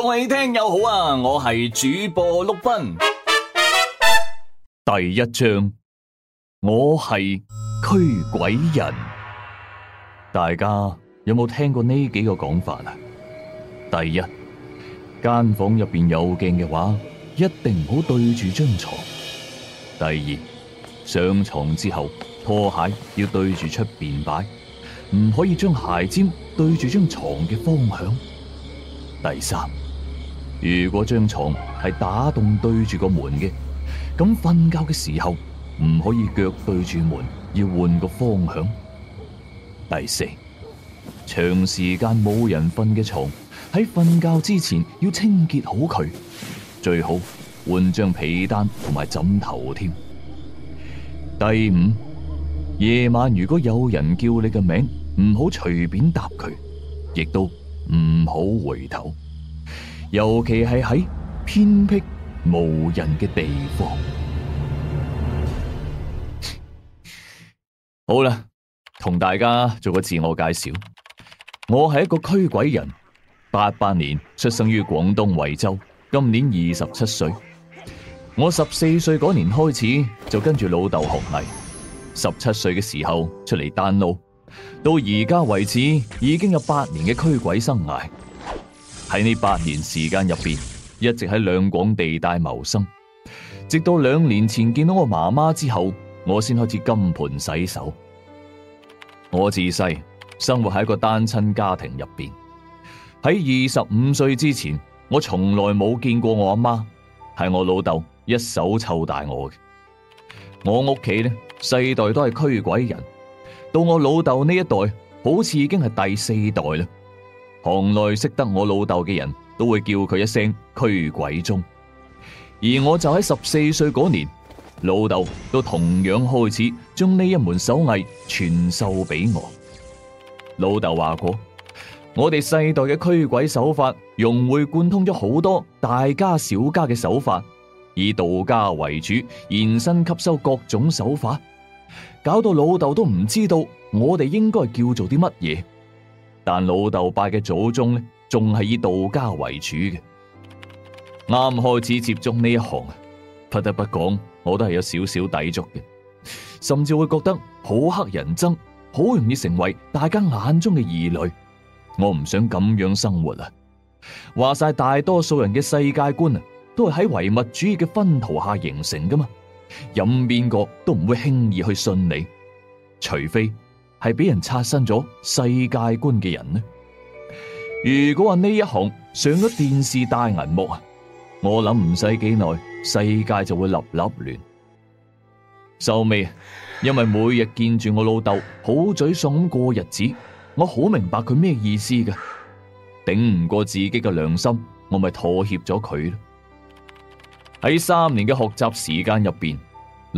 各位聽友好啊，我係主播碌斌。第一章，我係驅鬼人。大家有冇聽過呢幾個講法啊？第一，間房入邊有鏡嘅話，一定唔好對住張床。第二，上床之後，拖鞋要對住出邊擺，唔可以將鞋尖對住張床嘅方向。第三。如果張床係打洞對住個門嘅，咁瞓覺嘅時候唔可以腳對住門，要換個方向。第四，長時間冇人瞓嘅床喺瞓覺之前要清潔好佢，最好換張被單同埋枕頭添。第五，夜晚如果有人叫你嘅名，唔好隨便答佢，亦都唔好回頭。尤其係喺偏僻無人嘅地方。 好啦，同大家做個自我介紹。我係一個驅鬼人，八八年出生於廣東惠州，今年二十七歲。我十四歲嗰年開始就跟住老豆學藝，十七歲嘅時候出嚟單路，到而家為止已經有八年嘅驅鬼生涯。喺呢八年時間入邊，一直喺兩廣地帶謀生，直到兩年前見到我媽媽之後，我先開始金盆洗手。我自細生活喺一個單親家庭入邊，喺二十五歲之前，我從來冇見過我阿媽，係我老豆一手湊大我嘅。我屋企呢世代都係驅鬼人，到我老豆呢一代，好似已經係第四代啦。行內識得我老豆嘅人都會叫佢一聲驅鬼宗。而我就喺十四歲嗰年，老豆都同樣開始將呢一門手藝傳授俾我。老豆話過，我哋世代嘅驅鬼手法融會貫通咗好多大家小家嘅手法，以道家為主，延伸吸收各種手法，搞到老豆都唔知道我哋應該叫做啲乜嘢。但老豆拜嘅祖宗呢，仲係以道家為主嘅。啱開始接觸呢一行啊，不得不講，我都係有少少抵觸嘅，甚至會覺得好黑人憎，好容易成為大家眼中嘅異類。我唔想咁樣生活啊！話晒大多數人嘅世界觀啊，都係喺唯物主義嘅熏陶下形成噶嘛，任邊個都唔會輕易去信你，除非。係俾人刷新咗世界觀嘅人呢？如果話呢一行上咗電視大銀幕啊，我諗唔使幾耐，世界就會立立亂,亂。秀尾，因為每日見住我老豆好沮喪咁過日子，我好明白佢咩意思嘅。頂唔過自己嘅良心，我咪妥協咗佢啦。喺三年嘅學習時間入邊。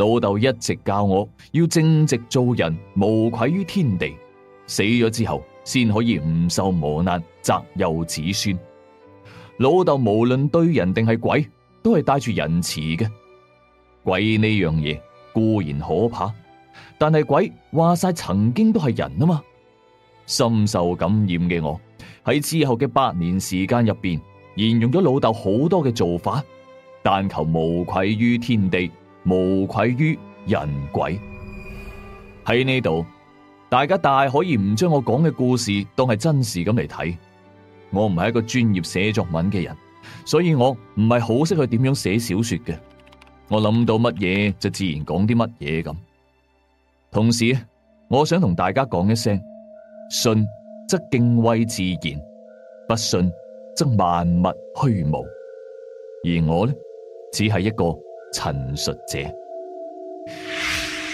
老豆一直教我要正直做人，無愧於天地。死咗之後，先可以唔受磨難，澤佑子孫。老豆無論對人定係鬼，都係帶住仁慈嘅。鬼呢樣嘢固然可怕，但係鬼話晒曾經都係人啊嘛。深受感染嘅我，喺之後嘅八年時間入邊，沿用咗老豆好多嘅做法，但求無愧於天地。無愧於人鬼。喺呢度，大家大可以唔將我講嘅故事當係真事咁嚟睇。我唔係一個專業寫作文嘅人，所以我唔係好識去點樣寫小說嘅。我諗到乜嘢就自然講啲乜嘢咁。同時，我想同大家講一聲：信則敬畏自然，不信則萬物虛無。而我呢，只係一個。陳述者，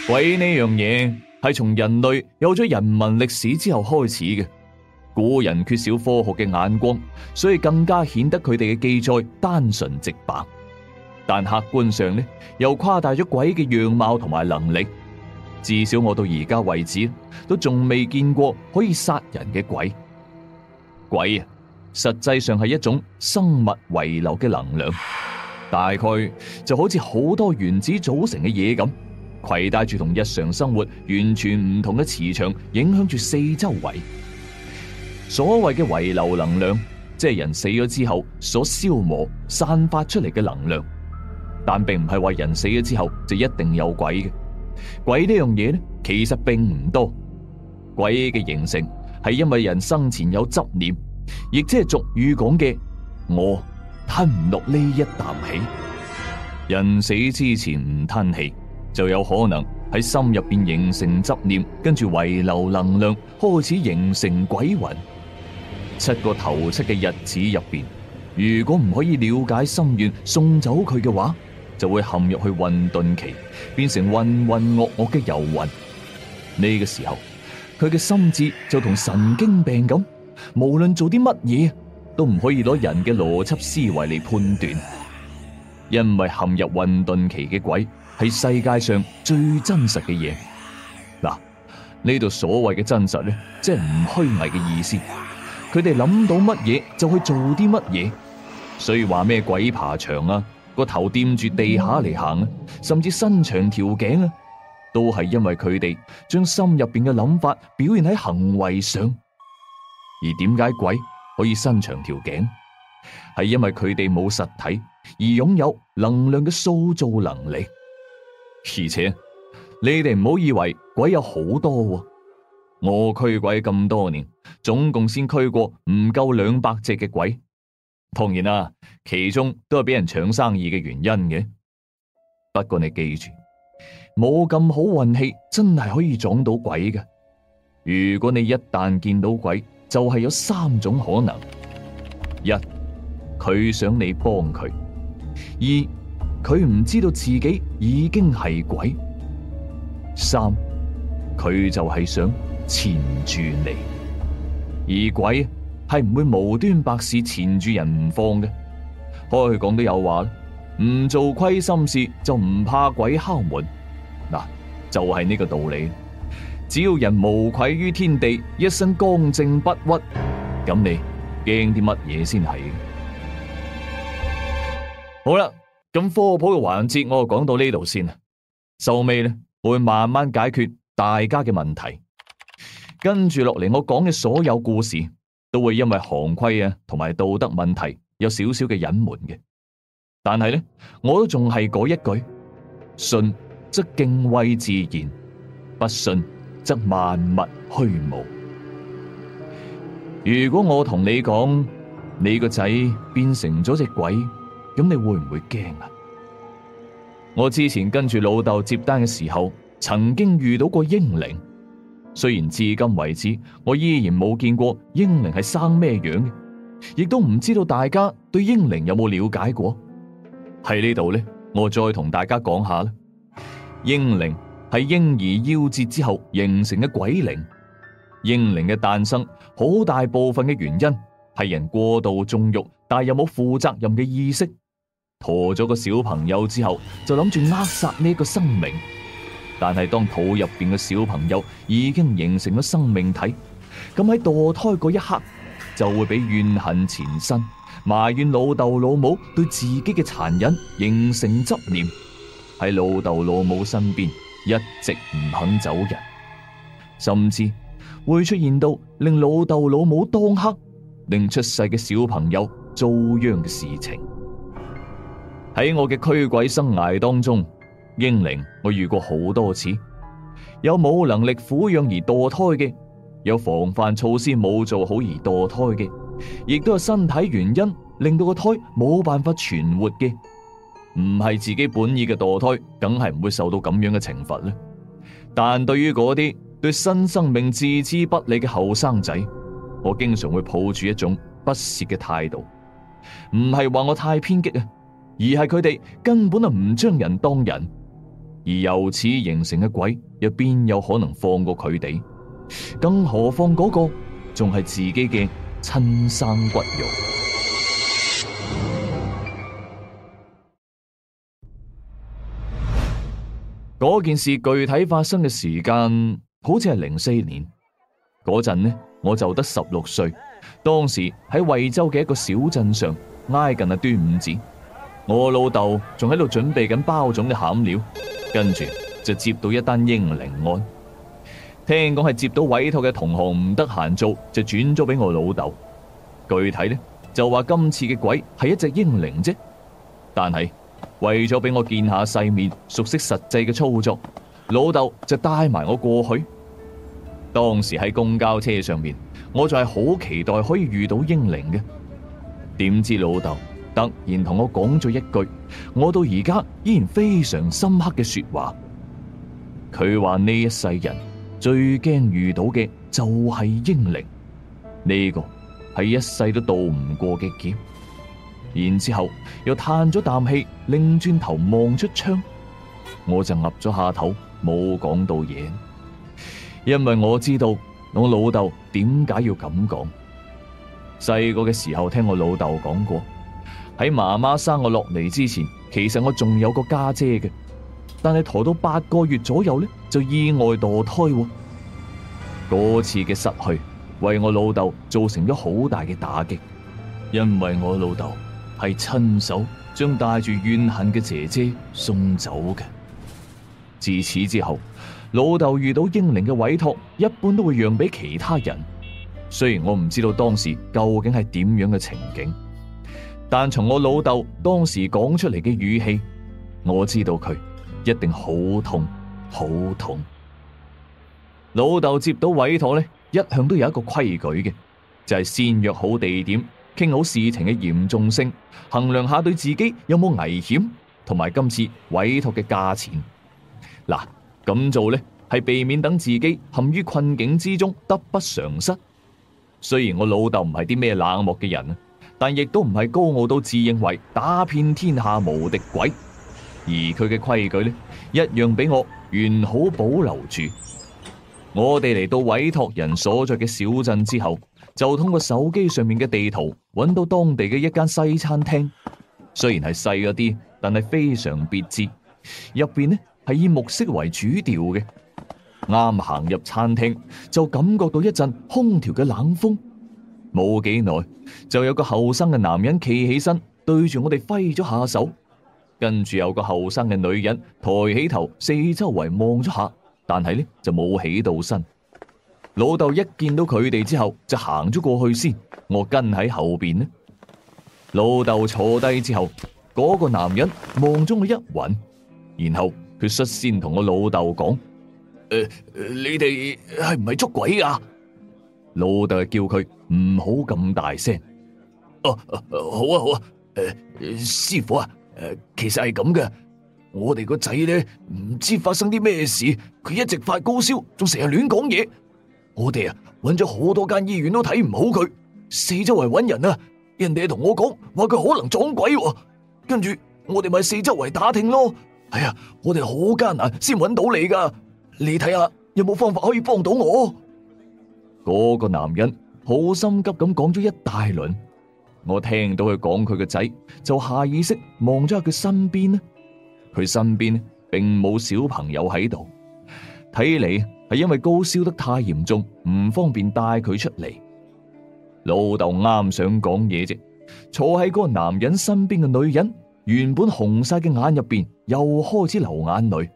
鬼呢樣嘢係從人類有咗人文歷史之後開始嘅。古人缺少科學嘅眼光，所以更加顯得佢哋嘅記載單純直白。但客觀上呢，又誇大咗鬼嘅樣貌同埋能力。至少我到而家為止，都仲未見過可以殺人嘅鬼。鬼啊，實際上係一種生物遺留嘅能量。大概就好似好多原子組成嘅嘢咁，攜帶住同日常生活完全唔同嘅磁場，影響住四周圍。所謂嘅遺留能量，即係人死咗之後所消磨散發出嚟嘅能量。但並唔係話人死咗之後就一定有鬼嘅。鬼呢樣嘢咧，其實並唔多。鬼嘅形成係因為人生前有執念，亦即係俗語講嘅我，吞唔落呢一啖氣，人死之前唔吞氣，就有可能喺心入邊形成執念，跟住遺留能量，開始形成鬼魂。七個頭七嘅日子入邊，如果唔可以了解心願，送走佢嘅話，就會陷入去混沌期，變成混混噩噩嘅遊魂。呢、這個時候，佢嘅心智就同神經病咁，無論做啲乜嘢。都唔可以攞人嘅邏輯思維嚟,判斷，因為陷入混沌期嘅鬼係世界上最真實嘅嘢。嗱，呢度所謂嘅真實咧，即係唔虛偽嘅意思。佢哋諗到乜嘢就去做啲乜嘢，所以話咩鬼爬牆啊，個頭掂住地下嚟行啊，甚至伸長條頸啊，都係因為佢哋將心入邊嘅諗法表現喺行為上。而點解鬼？可以伸長條頸，係因為佢哋冇實體，而擁有能量嘅塑造能力。而且你哋唔好以為鬼有好多喎，我驅鬼咁多年，總共先驅過唔夠兩百隻嘅鬼。當然啦、啊，其中都係俾人搶生意嘅原因嘅。不過你記住，冇咁好運氣，真係可以撞到鬼嘅。如果你一旦見到鬼，就係有三種可能：一，佢想你幫佢；二，佢唔知道自己已經係鬼；三，佢就係想纏住你。而鬼係唔會無端百事纏住人唔放嘅。開講都有話啦，唔做虧心事就唔怕鬼敲門。嗱，就係呢個道理。只要人無愧於天地，一身剛正不屈，咁你驚啲乜嘢先係？好啦，咁科普嘅環節我就講到呢度先啦，收尾呢，我會慢慢解決大家嘅問題。跟住落嚟我講嘅所有故事都會因為行規啊同埋道德問題有少少嘅隱瞞嘅，但係呢，我都仲係嗰一句：信則敬畏自然，不信。則萬物虛無。如果我同你講你個仔變成咗隻鬼，咁你會唔會驚啊？我之前跟住老豆接單嘅時候，曾經遇到過嬰靈。雖然至今為止，我依然冇見過嬰靈係生咩樣嘅，亦都唔知道大家對嬰靈有冇了解過。喺呢度呢，我再同大家講下啦，嬰靈，係嬰兒夭折之後形成嘅鬼靈，嬰靈嘅誕生好大部分嘅原因係人過度縱慾，但又冇負責任嘅意識，陀咗個小朋友之後就諗住扼殺呢個生命。但係當肚入邊嘅小朋友已經形成咗生命體，咁喺墮胎嗰一刻就會俾怨恨纏身，埋怨老豆老母對自己嘅殘忍，形成執念喺老豆老母身邊。一直唔肯走人，甚至會出現到令老豆老母當黑，令出世嘅小朋友遭殃嘅事情。喺我嘅驅鬼生涯當中，嬰靈我遇過好多次，有冇能力撫養而墮胎嘅，有防範措施冇做好而墮胎嘅，亦都有身體原因令到個胎冇辦法存活嘅。唔係自己本意嘅墮胎，梗係唔會受到咁樣嘅懲罰咧。但對於嗰啲對新生命置之不理嘅後生仔，我經常會抱住一種不屑嘅態度。唔係話我太偏激啊，而係佢哋根本就唔將人當人，而由此形成嘅鬼，又邊有可能放過佢哋？更何況嗰個仲係自己嘅親生骨肉。嗰件事具體發生嘅時間好似係零四年，嗰陣呢，我就得十六歲，當時喺惠州嘅一個小鎮上挨近啊端午節，我老豆仲喺度準備緊包粽嘅餡料，跟住就接到一單嬰靈案，聽講係接到委託嘅同行唔得閒做，就轉咗俾我老豆。具體呢就話今次嘅鬼係一隻嬰靈啫，但係。為咗俾我見下世面，熟悉實際嘅操作，老豆就帶埋我過去。當時喺公交車上面，我就係好期待可以遇到嬰靈嘅。點知老豆突然同我講咗一句，我到而家依然非常深刻嘅說話。佢話呢一世人最驚遇到嘅就係嬰靈，呢、呢個係一世都渡唔過嘅劫。然之後又嘆咗啖氣，擰轉，轉頭望出窗，我就岌咗下頭，冇講到嘢。因為我知道我老豆點解要咁講。細個嘅時候聽我老豆講過，喺媽媽生我落嚟之前，其實我仲有個家姐嘅，但係陀到八個月左右呢，就意外墮胎。嗰次嘅失去為我老豆造成咗好大嘅打擊，因為我老豆。係親手將帶住怨恨嘅姐姐送走嘅。自此之後，老豆遇到嬰靈嘅委託，一般都會讓俾其他人。雖然我唔知道當時究竟係點樣嘅情景，但從我老豆當時講出嚟嘅語氣，我知道佢一定好痛，好痛。老豆接到委託呢，一向都有一個規矩嘅，就係先約好地點。傾好事情嘅嚴重性，衡量下對自己有冇危險，同埋今次委託嘅價錢。嗱，咁做呢係避免等自己陷於困境之中得不償失。雖然我老豆唔係啲咩冷漠嘅人，但亦都唔係高傲到自認為打遍天下無敵鬼。而佢嘅規矩呢，一樣俾我完好保留住。我哋嚟到委託人所在嘅小鎮之後。就通過手機上面嘅地圖，搵到當地嘅一間西餐廳。雖然係細一啲，但係非常別致。入邊呢係以木色為主調嘅。啱行入餐廳，就感覺到一陣空調嘅冷風。冇幾耐，就有個後生嘅男人企起身，對住我哋揮咗下手。跟住有個後生嘅女人抬起頭，四周圍望咗下，但係呢就冇起到身。老豆一見到佢哋之後，就行咗過去先。我跟喺後邊呢。老豆坐低之後，嗰、那個男人望咗我一云，然後佢率先同我老豆講：誒、呃呃，你哋係唔係捉鬼啊？老豆叫佢唔好咁大聲。哦、啊，好啊，好啊。誒、呃，師傅啊，誒、呃，其實係咁嘅，我哋個仔咧，唔知發生啲咩事，佢一直發高燒，仲成日亂講嘢。我哋啊，揾咗好多間醫院都睇唔好佢，四周圍揾人啊，人哋同我講，話佢可能撞鬼喎，跟住我哋咪四周圍打聽咯。哎呀，我哋好艱難先揾到你噶，你睇下有冇方法可以幫到我。嗰個男人好心急咁講咗一大輪，我聽到佢講佢個仔，就下意識望咗下佢身邊呢，佢身邊並冇小朋友喺度，睇嚟係因為高燒得太嚴重，唔方便帶佢出嚟。老豆啱想講嘢啫，坐喺個男人身邊嘅女人，原本紅晒嘅眼入邊又開始流眼淚。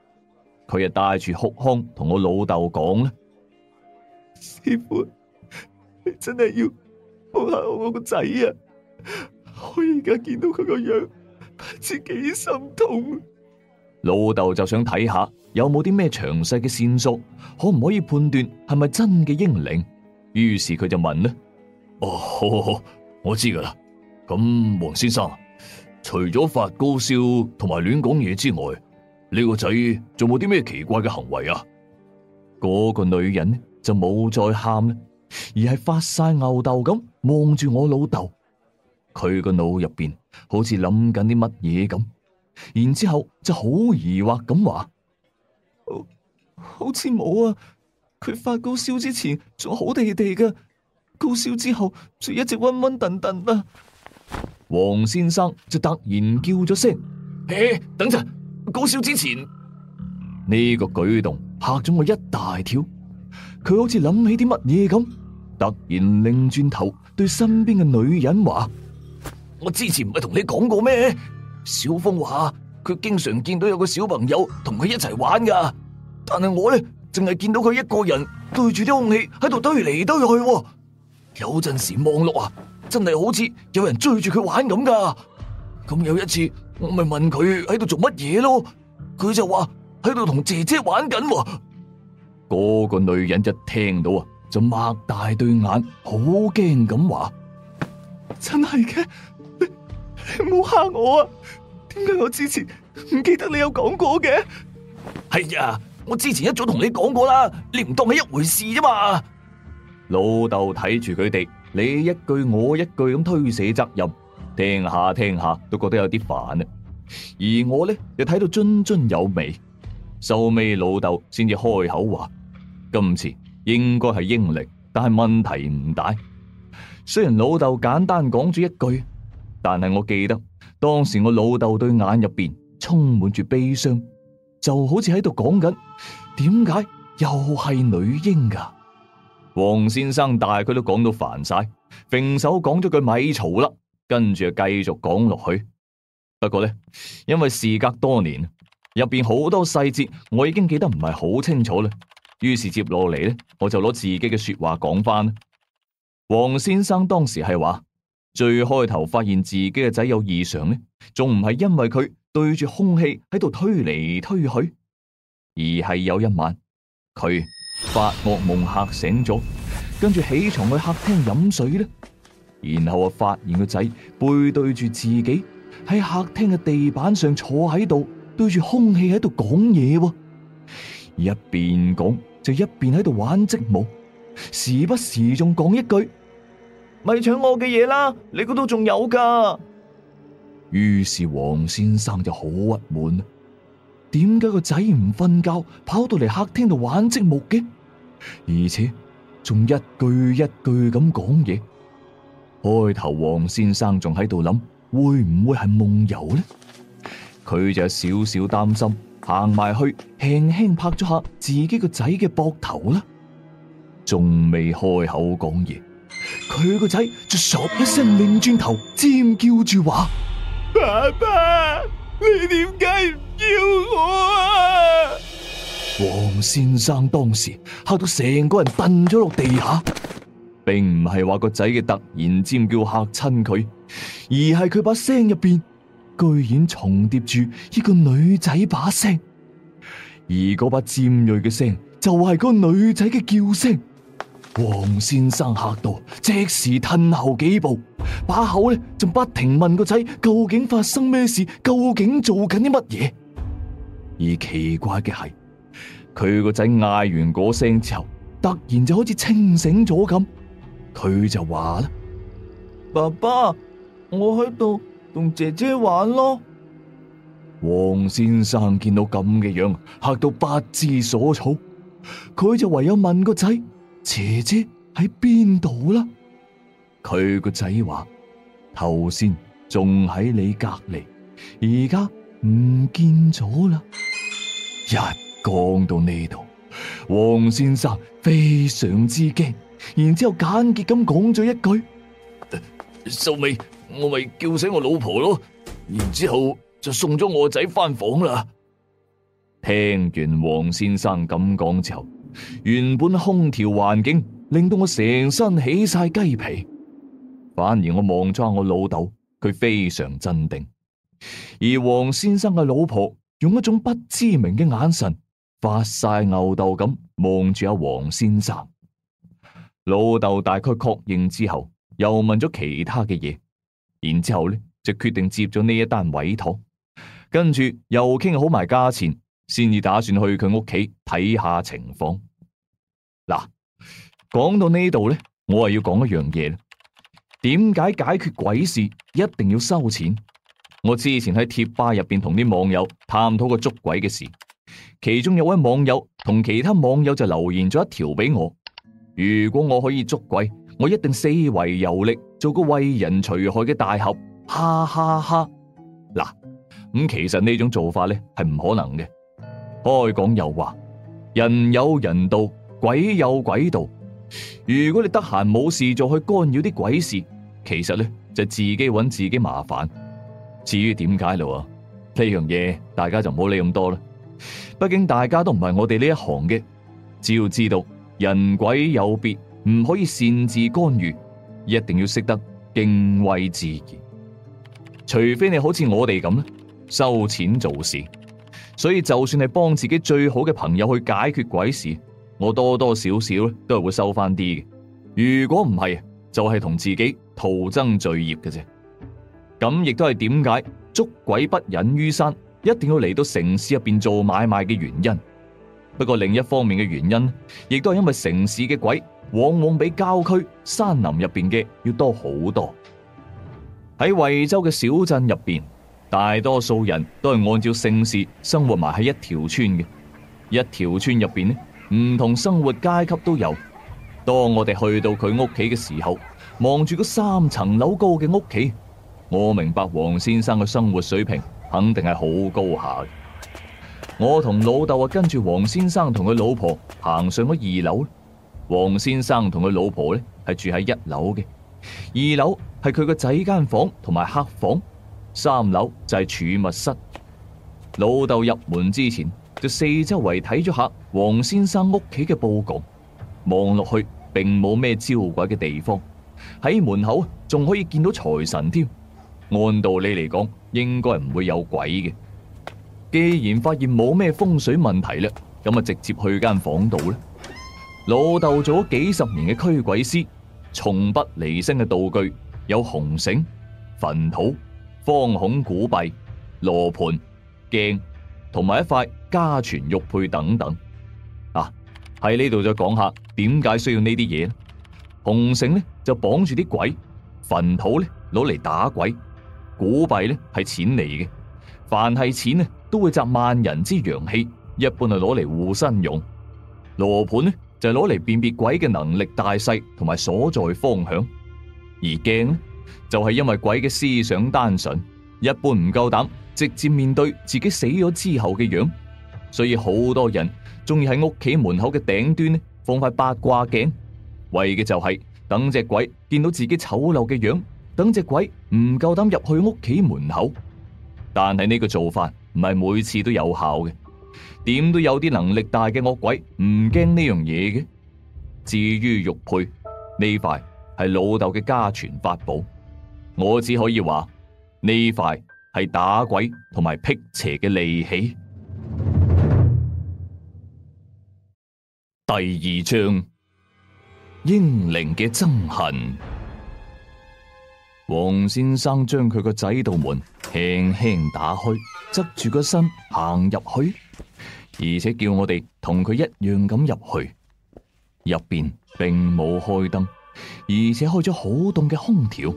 佢又帶住哭腔同我老豆講咧：師傅，你真係要好下我個仔啊！我而家見到佢個樣，不知幾心痛。老豆就想睇下有冇啲咩詳細嘅線索，可唔可以判斷係咪真嘅嬰靈？於是佢就問呢：哦，好好好，我知㗎喇。咁黃先生，除咗發高燒同埋亂講嘢之外，呢個仔仲冇啲咩奇怪嘅行為啊？嗰個女人就冇再喊啦，而係發晒牛豆咁望住我老豆。佢個腦入邊好似諗緊啲乜嘢咁。然之後就好疑惑咁話，好似冇啊！佢發高燒之前仲好地地㗎，高燒之後就一直暈暈頓頓啦。黃先生就突然叫咗聲：，誒，等陣！高燒之前呢個舉動吓咗我一大跳。佢好似諗起啲乜嘢咁，突然擰轉,轉頭對身邊嘅女人話：，我之前唔係同你講過咩？小峰話佢經常見到有個小朋友同佢一齊玩噶，但係我咧淨係見到佢一個人對住啲空氣喺度堆嚟堆去，有陣時望落啊，真係好似有人追住佢玩咁噶。咁有一次我咪問佢喺度做乜嘢咯，佢就話喺度同姐姐玩緊。嗰個女人一聽到啊，就擘大對眼，好驚咁話：真係嘅？唔好吓我啊！點解我之前唔記得你有講過嘅？係啊、哎，我之前一早同你講過啦，你唔當係一回事啫嘛。老豆睇住佢哋，你一句我一句咁推卸責任，聽下聽下都覺得有啲煩啊。而我呢，又睇到津津有味，收尾老豆先至開口話：今次應該係嬰靈，但係問題唔大。雖然老豆簡單講咗一句。但係我記得當時我老豆對眼入邊充滿住悲傷，就好似喺度講緊，點解又係女嬰㗎？黃先生大概都講到煩晒，平手講咗句咪嘈啦，跟住繼續講落去。不過咧，因為事隔多年，入邊好多細節我已經記得唔係好清楚啦。於是接落嚟咧，我就攞自己嘅說話講翻。黃先生當時係話。最開頭發現自己嘅仔有異常呢，仲唔係因為佢對住空氣喺度推嚟推去，而係有一晚佢發惡夢吓醒咗，跟住起床去客廳飲水咧，然後啊發現個仔背對住自己喺客廳嘅地板上坐喺度，對住空氣喺度講嘢，一邊講就一邊喺度玩積木，時不時仲講一句。咪搶我嘅嘢啦！你嗰度仲有噶。於是黃先生就好鬱悶，點解個仔唔瞓覺跑到嚟客廳度玩積木嘅？而且仲一句一句咁講嘢。開頭黃先生仲喺度諗會唔會係夢遊呢？佢就少少擔心，行埋去輕輕拍咗下自己個仔嘅膊頭啦，仲未開口講嘢。佢個仔就索一聲擰轉頭，尖叫住話：爸爸，你點解唔叫我啊？黃先生當時吓到成個人頓咗落地下，並唔係話個仔嘅突然尖叫吓親佢，而係佢把聲入邊居然重疊住一個女仔把聲，而嗰把尖銳嘅聲就係個女仔嘅叫聲。黃先生吓到即時退後幾步，把口咧仲不停問個仔究竟發生咩事，究竟做緊啲乜嘢？而奇怪嘅係，佢個仔嗌完嗰聲之後，突然就好似清醒咗咁，佢就話啦：爸爸，我喺度同姐姐玩咯。黃先生見到咁嘅樣，吓到不知所措，佢就唯有問個仔。姐姐喺邊度啦？佢個仔話頭先仲喺你隔籬，而家唔見咗啦。一講 到呢度，黃先生非常之驚，然之後簡潔咁講咗一句：收尾、呃，我咪叫醒我老婆咯。然之後就送咗我仔翻房啦。聽完黃先生咁講之後。原本空調環境令到我成身起晒雞皮，反而我望咗下我老豆，佢非常鎮定，而黃先生嘅老婆用一種不知名嘅眼神發晒吽哣咁望住阿黃先生。老豆大概確認之後，又問咗其他嘅嘢，然之後咧就決定接咗呢一單委託，跟住又傾好埋價錢先至打算去佢屋企睇下情況。嗱，講到呢度咧，我又要講一樣嘢啦。點解解決鬼事一定要收錢？我之前喺貼吧入邊同啲網友探討過捉鬼嘅事，其中有位網友同其他網友就留言咗一條俾我：如果我可以捉鬼，我一定四圍遊歷，做個為人除害嘅大俠！哈哈哈，哈！嗱，咁其實呢種做法咧係唔可能嘅。開講又話人有人道，鬼有鬼道。如果你得閒冇事做去干擾啲鬼事，其實咧就自己揾自己麻煩。至於點解咯呢樣嘢，這個，大家就唔好理咁多啦。畢竟大家都唔係我哋呢一行嘅，只要知道人鬼有別，唔可以擅自干預，一定要識得敬畏自然。除非你好似我哋咁咧，收錢做事。所以，就算係幫自己最好嘅朋友去解決鬼事，我多多少少咧都係會收翻啲嘅。如果唔係，就係同自己徒增罪業嘅啫。咁亦都係點解捉鬼不忍於山，一定要嚟到城市入邊做買賣嘅原因。不過另一方面嘅原因，亦都係因為城市嘅鬼，往往比郊區山林入邊嘅要多好多。喺惠州嘅小鎮入邊。大多數人都係按照姓氏生活埋喺一條村嘅，一條村入邊呢唔同生活階級都有。當我哋去到佢屋企嘅時候，望住嗰三層樓高嘅屋企，我明白黃先生嘅生活水平肯定係好高下。我同老豆啊跟住黃先生同佢老婆行上咗二樓，黃先生同佢老婆呢，係住喺一樓嘅，二樓係佢個仔間房同埋客房。三樓就係儲物室，老豆入門之前就四周圍睇咗下黃先生屋企嘅布局。望落去並冇咩招鬼嘅地方，喺門口仲可以見到財神添。按道理嚟講，應該唔會有鬼嘅。既然發現冇咩風水問題啦，咁啊直接去間房度啦。老豆做咗幾十年嘅驅鬼師，從不離身嘅道具有紅繩、墳土。方孔古幣、羅盤、鏡同埋一塊家傳玉佩等等啊，喺呢度再講下點解需要呢啲嘢。紅繩呢就綁住啲鬼，墳土呢攞嚟打鬼，古幣呢係錢嚟嘅，凡係錢呢都會集萬人之陽氣，一般係攞嚟護身用。羅盤呢就攞嚟辨別鬼嘅能力大細同埋所在方向，而鏡呢？就係因為鬼嘅思想單純，一般唔夠膽直接面對自己死咗之後嘅樣，所以好多人中意喺屋企門口嘅頂端呢放塊八卦鏡，為嘅就係等隻鬼見到自己醜陋嘅樣，等隻鬼唔夠膽入去屋企門口。但係呢個做法唔係每次都有效嘅，點都有啲能力大嘅惡鬼唔驚呢樣嘢嘅。至於玉佩呢塊係老豆嘅家傳法寶。我只可以話呢塊係打鬼同埋辟邪嘅利器。第二章：嬰靈嘅憎恨。王先生將佢個仔道門輕輕打開，執住個身行入去，而且叫我哋同佢一樣咁入去。入邊並冇開燈，而且開咗好凍嘅空調。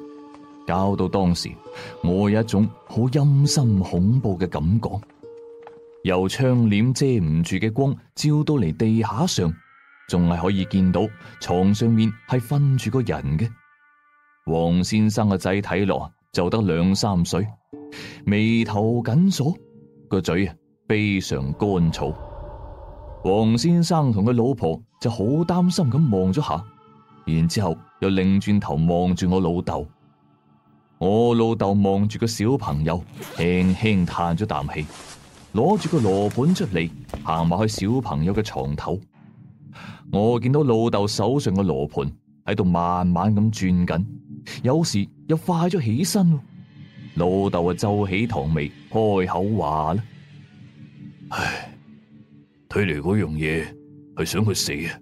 搞到當時，我有一種好陰森恐怖嘅感覺。由窗簾遮唔住嘅光，照到嚟地下上，仲係可以見到床上面係瞓住個人嘅。黃先生嘅仔睇落就得兩三歲，眉頭緊鎖，個嘴啊非常乾燥。黃先生同佢老婆就好擔心咁望咗下，然之後又擰轉頭望住我老豆。我老豆望住個小朋友，輕輕嘆咗啖氣，攞住個羅盤出嚟，行埋去小朋友嘅床頭。我見到老豆手上嘅羅盤喺度慢慢咁轉緊，有時又快咗起身。老豆啊皺起堂眉，開口話啦：唉，睇嚟嗰樣嘢係想佢死啊！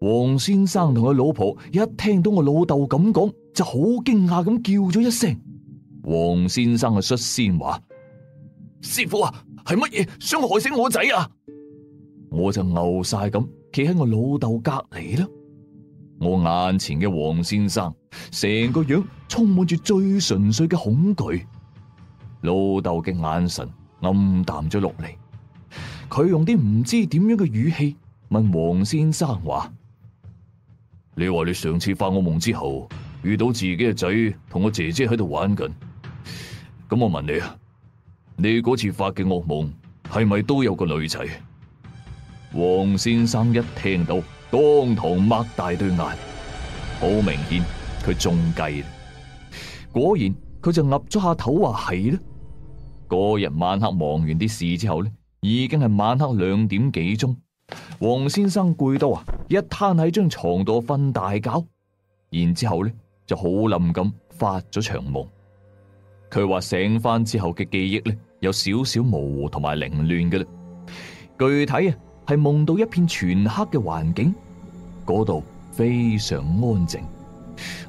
黃先生同佢老婆一聽到我老豆咁講。就好驚訝咁叫咗一聲，黃先生率先話：師傅啊，係乜嘢想害死我仔啊？我就牛晒咁企喺我老豆隔籬啦。我眼前嘅黃先生，成個樣充滿住最純粹嘅恐懼。老豆嘅眼神暗淡咗落嚟，佢用啲唔知點樣嘅語氣問黃先生話：你話你上次返我夢之後？遇到自己嘅仔同我姐姐喺度玩緊，咁我問你啊，你嗰次發嘅惡夢係咪都有個女仔？黃先生一聽到，當堂擘大對眼，好明顯佢中計。果然佢就岌咗下頭，話係啦。嗰日晚黑忙完啲事之後咧，已經係晚黑兩點幾鐘，黃先生攰到啊，一攤喺張床度瞓大覺，然之後咧。就好冧咁發咗場夢，佢話醒翻之後嘅記憶呢，有少少模糊同埋凌亂嘅啦。具體啊係夢到一片全黑嘅環境，嗰度非常安靜，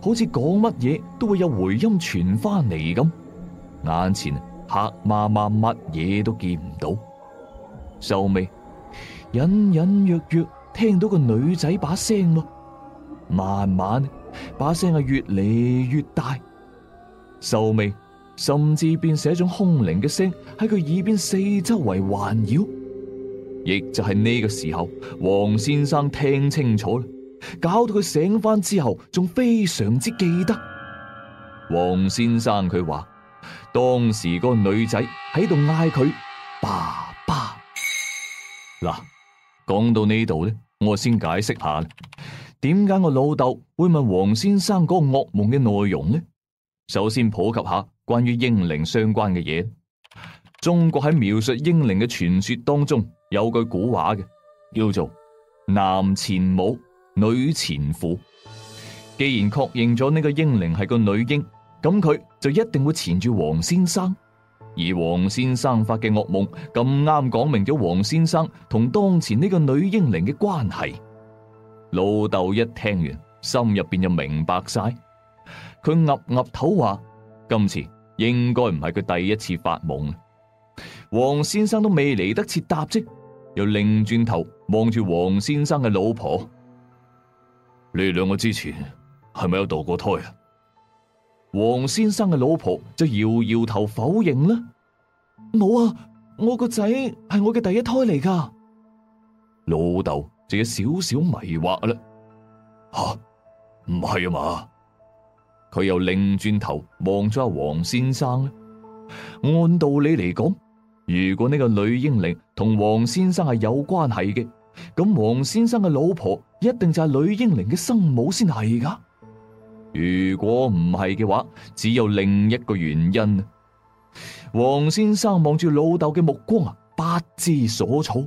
好似講乜嘢都會有回音傳翻嚟咁。眼前黑麻麻，乜嘢都見唔到，收尾隱隱約約聽到個女仔把聲咯，慢慢。把聲係越嚟越大，收尾甚至變成一種空靈嘅聲喺佢耳邊四周圍環繞。亦就係呢個時候，黃先生聽清楚啦，搞到佢醒返之後仲非常之記得。黃先生佢話，當時個女仔喺度嗌佢爸爸。嗱，講到呢度咧，我先解釋下。點解我老豆會問黃先生嗰個噩夢嘅內容呢？首先普及下關於嬰靈相關嘅嘢。中國喺描述嬰靈嘅傳說當中，有句古話嘅，叫做男纏母，女纏父。既然確認咗呢個嬰靈係個女嬰，咁佢就一定會纏住黃先生。而黃先生發嘅噩夢咁啱講明咗黃先生同當前呢個女嬰靈嘅關係。老豆一聽完，心入邊就明白晒。佢岌岌頭話：今次應該唔係佢第一次發夢。黃先生都未嚟得切答啫，又擰轉頭望住黃先生嘅老婆。你哋兩個之前係咪有墮過胎啊？黃先生嘅老婆就搖搖頭否認啦：冇啊，我個仔係我嘅第一胎嚟噶。老豆就有少少迷惑啦，吓，唔係啊嘛？佢又擰轉，轉頭望咗阿王先生咧。按道理嚟講，如果呢個女嬰靈同王先生係有關係嘅，咁王先生嘅老婆一定就係女嬰靈嘅生母先係噶。如果唔係嘅話，只有另一個原因。王先生望住老豆嘅目光啊，不知所措。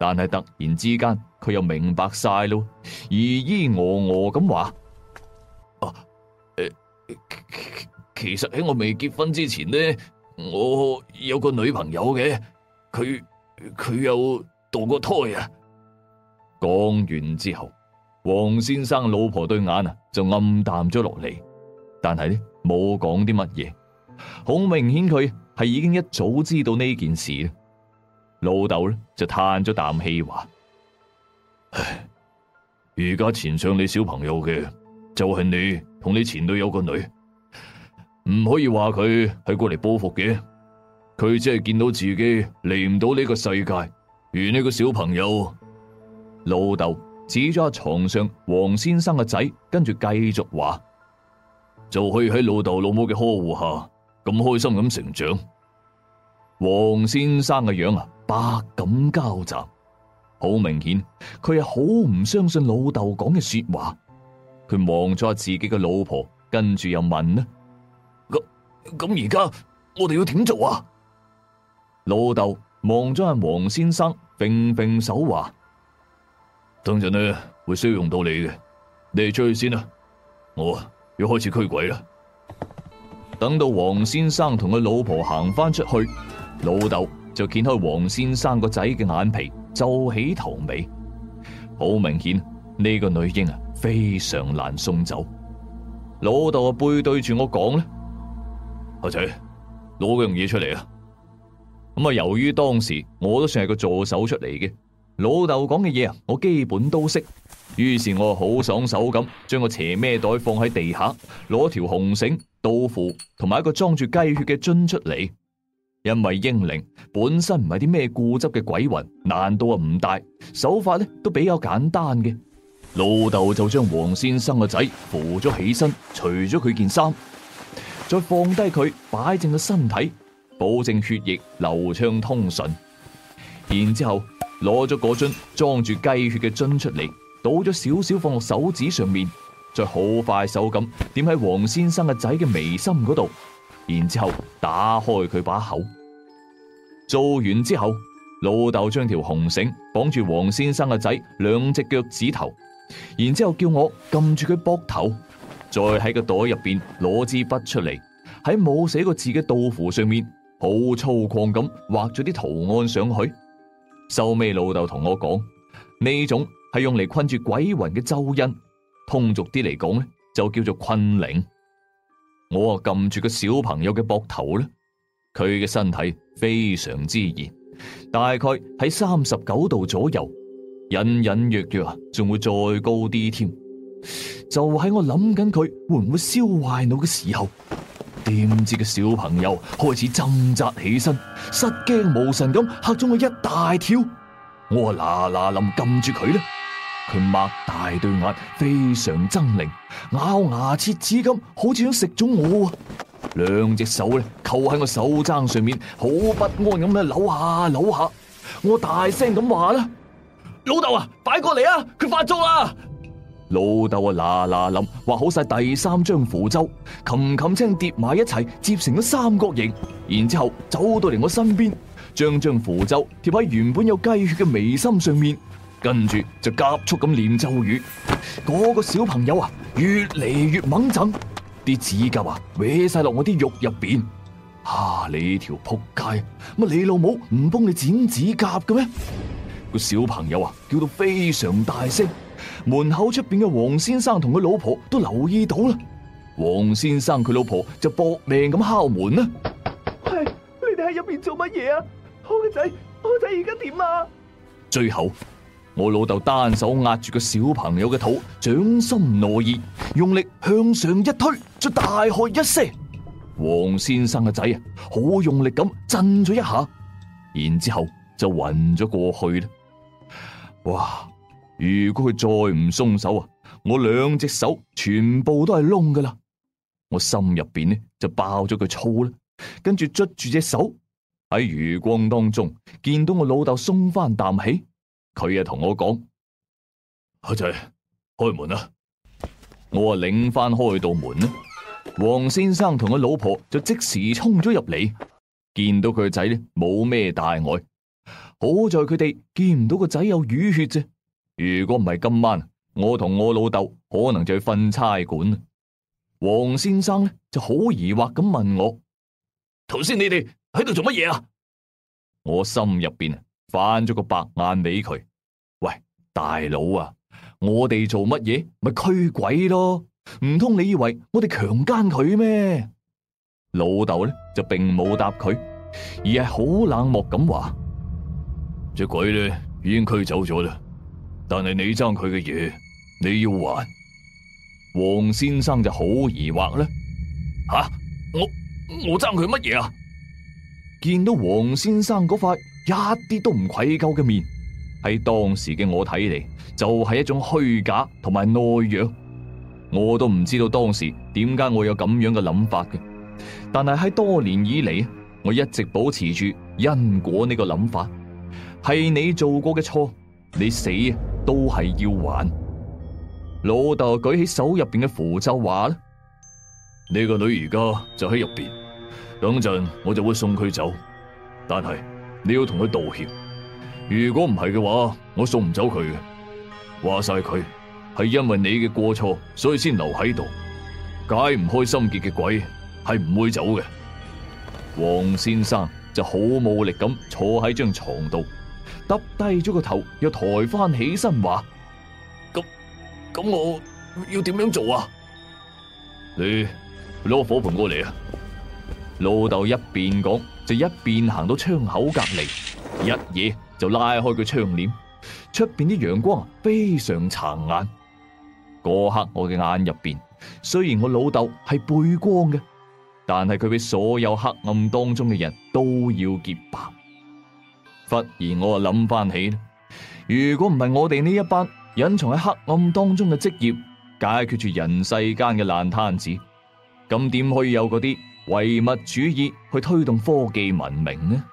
但係突然之間，佢又明白晒咯，而依我我咁話。哦、啊，誒、呃，其實喺我未結婚之前呢，我有個女朋友嘅，佢佢有墮過胎啊。講完之後，黃先生老婆對眼啊，就暗淡咗落嚟。但係咧，冇講啲乜嘢，好明顯佢係已經一早知道呢件事。老豆咧就嘆咗啖氣話：唉，而家纏上你小朋友嘅就係你同你前女友個女，唔可以話佢係過嚟報復嘅，佢只係見到自己嚟唔到呢個世界，而呢個小朋友，老豆指咗喺床上黃先生嘅仔，跟住繼續話，就可以喺老豆老母嘅呵護下咁開心咁成長。黃先生嘅樣啊，百感交集，好明顯佢係好唔相信老豆講嘅說話。佢望咗下自己嘅老婆，跟住又問咧：咁咁而家我哋要點做啊？老豆望咗阿黃先生，並並手話：，等陣呢，會需要用到你嘅，你哋出去先啦。我啊要開始驅鬼啦。等到黃先生同佢老婆行翻出去。老豆就揭開黃先生個仔嘅眼皮，皺起頭尾。好明顯呢、這個女嬰啊非常難送走。老豆背對住我講咧：，阿仔，攞樣嘢出嚟啊！咁、嗯、啊，由於當時我都算係個助手出嚟嘅，老豆講嘅嘢啊，我基本都識。於是我好爽手咁，將個斜孭袋放喺地下，攞條紅繩、豆腐同埋一個裝住雞血嘅樽出嚟。因為英靈本身唔係啲咩固執嘅鬼魂，難度啊唔大，手法咧都比較簡單嘅。老豆就將黃先生嘅仔扶咗起身，除咗佢件衫，再放低佢擺正個身體，保證血液流暢通順。然之後攞咗個樽裝住雞血嘅樽出嚟，倒咗少少放落手指上面，再好快手咁點喺黃先生嘅仔嘅眉心嗰度。然之後打開佢把口，做完之後，老豆將條紅繩綁住黃先生嘅仔兩隻腳趾頭，然之後叫我撳住佢膊頭，再喺個袋入邊攞支筆出嚟，喺冇寫過字嘅道符上面好粗獷咁畫咗啲圖案上去。收尾老豆同我講，呢種係用嚟困住鬼魂嘅咒印，通俗啲嚟講咧，就叫做困靈。我啊撳住個小朋友嘅膊頭咧，佢嘅身體非常之熱，大概喺三十九度左右，隱隱約約啊，仲會再高啲添。就喺我諗緊佢會唔會燒壞腦嘅時候，點知個小朋友開始掙扎起身，失驚無神咁吓咗我一大跳，我啊嗱嗱冧撳住佢咧。佢擘大對眼，非常猙獰，咬牙切齒咁，好似想食咗我。兩隻手咧扣喺我手踭上面，好不安咁樣扭下扭下，扭下。我大聲咁話啦：老豆啊，快過嚟啊！佢發作啦！老豆啊，嗱嗱臨畫好晒第三張符咒，擒擒青疊埋一齊，接成咗三角形。然之後走到嚟我身邊，將張符咒貼喺原本有雞血嘅眉心上面。跟住就急速咁念咒語，嗰個小朋友啊，越嚟越猛震，啲指甲啊搲晒落我啲肉入邊。吓、啊、你條扑街，乜你老母唔幫你剪指甲嘅咩？個小朋友啊叫到非常大聲，門口出邊嘅黃先生同佢老婆都留意到啦。黃先生佢老婆就搏命咁敲門啊。係你哋喺入邊做乜嘢啊？好嘅仔，好仔，而家點啊？最後。我老豆單手壓住個小朋友嘅肚，掌心挪熱，用力向上一推，就大喝一聲。黃先生嘅仔啊，好用力咁震咗一下，然之後就暈咗過去啦。哇！如果佢再唔鬆手啊，我兩隻手全部都係窿噶啦。我心入邊呢就爆咗個粗啦，跟住捽住隻手，喺餘光當中見到我老豆鬆翻啖氣。佢啊，同我講：阿仔，開門啦！我啊，擰翻開道門咧。黃先生同佢老婆就即時衝咗入嚟，見到佢個仔咧冇咩大礙，好在佢哋見唔到個仔有淤血啫。如果唔係今晚，我同我老豆可能就去瞓差館。黃先生咧就好疑惑咁問我：頭先你哋喺度做乜嘢啊？我心入邊啊～翻咗個白眼俾佢，喂大佬啊！我哋做乜嘢？咪驅鬼咯！唔通你以為我哋強奸佢咩？老豆咧就並冇答佢，而係好冷漠咁話：隻鬼咧已經驅走咗啦，但係你爭佢嘅嘢，你要還。黃先生就好疑惑啦，吓我我爭佢乜嘢啊？見到黃先生嗰塊。一啲都唔愧疚嘅面，喺當時嘅我睇嚟就係一種虛假同埋懦弱。我都唔知道當時點解我有咁樣嘅諗法嘅。但係喺多年以嚟，我一直保持住因果呢個諗法。係你做過嘅錯，你死都係要還。老豆舉起手入邊嘅符咒話啦：，你個女而家就喺入邊，等陣我就會送佢走。但係。你要同佢道歉，如果唔係嘅話，我送唔走佢嘅。話晒佢係因為你嘅過錯，所以先留喺度。解唔開心結嘅鬼係唔會走嘅。黃先生就好冇力咁坐喺張床度，耷低咗個頭，又抬翻起身話：咁咁我要點樣做啊？你攞個火盆過嚟啊！老豆一邊講。就一邊行到窗口隔離，一嘢就拉開個窗簾，出邊啲陽光非常殘眼。嗰刻我嘅眼入邊，雖然我老豆係背光嘅，但係佢比所有黑暗當中嘅人都要潔白。忽然我啊諗翻起，如果唔係我哋呢一班隱藏喺黑暗當中嘅職業，解決住人世間嘅爛攤子，咁點可以有嗰啲？唯物主義去推動科技文明呢？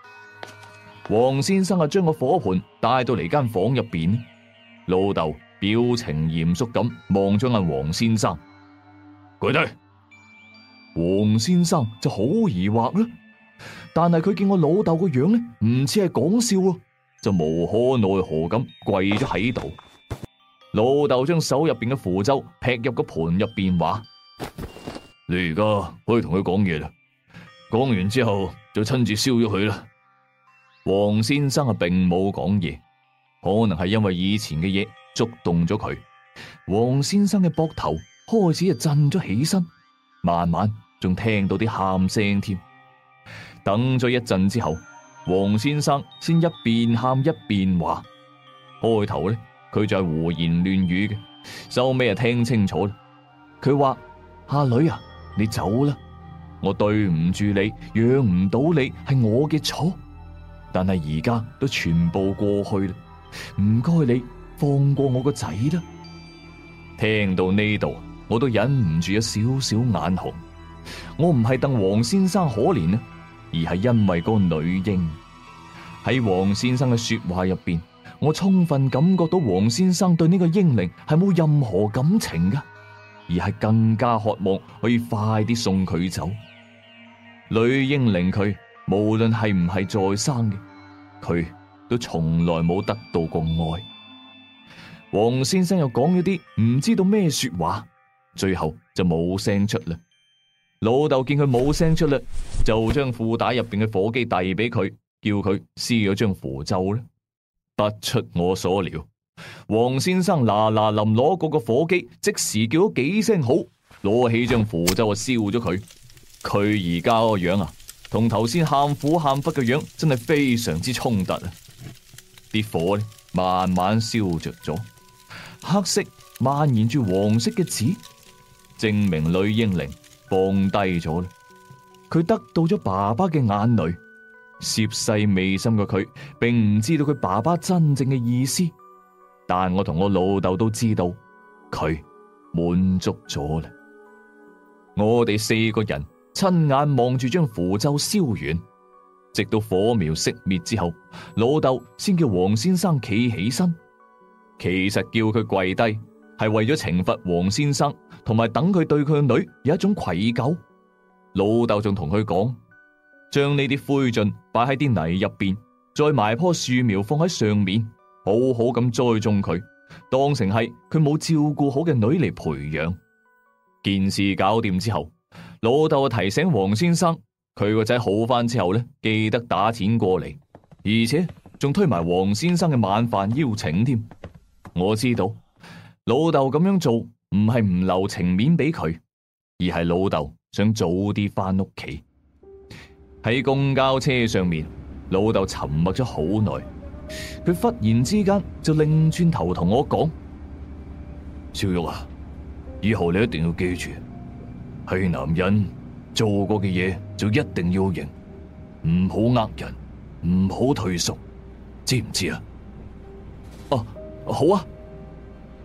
黃先生啊，將個火盆帶到嚟間房入邊。老豆表情嚴肅咁望咗眼黃先生，跪低們。黃先生就好疑惑啦，但係佢見我老豆個樣咧，唔似係講笑啊，就無可奈何咁跪咗喺度。老豆將手入邊嘅符咒劈入個盤入邊話。你而家可以同佢講嘢啦，講完之後就親自燒咗佢啦。黃先生啊，並冇講嘢，可能係因為以前嘅嘢觸動咗佢。黃先生嘅膊頭開始啊震咗起身，慢慢仲聽到啲喊聲添。等咗一陣之後，黃先生先一邊喊一邊話，開頭呢，佢就係胡言亂語嘅，收尾啊聽清楚啦。佢話阿女啊。女你走啦！我對唔住你，養唔到你係我嘅錯。但係而家都全部過去啦，唔該你放過我個仔啦。聽到呢度，我都忍唔住有少少眼紅。我唔係戥黃先生可憐啊，而係因為個女嬰喺黃先生嘅說話入邊，我充分感覺到黃先生對呢個嬰靈係冇任何感情㗎。而係更加渴望可以快啲送佢走。女嬰靈佢，無論係唔係再生嘅，佢都從來冇得到過愛。黃先生又講咗啲唔知道咩說話，最後就冇聲出啦。老豆見佢冇聲出啦，就將褲袋入邊嘅火機遞俾佢，叫佢撕咗張符咒啦。不出我所料。黃先生嗱嗱淋攞嗰個火機，即時叫咗幾聲好，攞起張符咒話燒咗佢。佢而家個樣啊，同頭先喊苦喊屈嘅樣真係非常之衝突啊！啲火呢，慢慢燒着咗，黑色蔓延住黃色嘅紙，證明女嬰靈放低咗啦。佢得到咗爸爸嘅眼淚，涉世未深嘅佢，並唔知道佢爸爸真正嘅意思。但我同我老豆都知道，佢滿足咗啦。我哋四個人親眼望住將符咒燒完，直到火苗熄滅之後，老豆先叫黃先生企起身。其實叫佢跪低係為咗懲罰黃先生，同埋等佢對佢女有一種愧疚。老豆仲同佢講：將呢啲灰燼擺喺啲泥入邊，再埋棵樹苗放喺上面。好好咁栽種佢，當成係佢冇照顧好嘅女嚟培養。件事搞掂之後，老豆提醒黃先生，佢個仔好翻之後呢，記得打錢過嚟，而且仲推埋黃先生嘅晚飯邀請添。我知道老豆咁樣做唔係唔留情面俾佢，而係老豆想早啲翻屋企。喺公交車上面，老豆沉默咗好耐。佢忽然之間就擰轉頭同我講，小玉啊，以後你一定要記住，係男人做過嘅嘢，就一定要認，唔好呃人，唔好退縮，知唔知啊？哦、啊，好啊。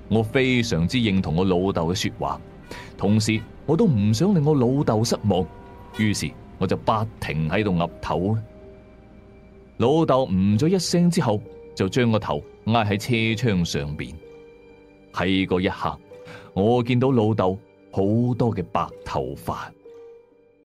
我非常之認同我老豆嘅說話，同時我都唔想令我老豆失望，於是我就不停喺度岌頭，頭。老豆唔咗一聲之後，就將個頭挨喺車窗上面。喺嗰一刻，我見到老豆好多嘅白頭髮。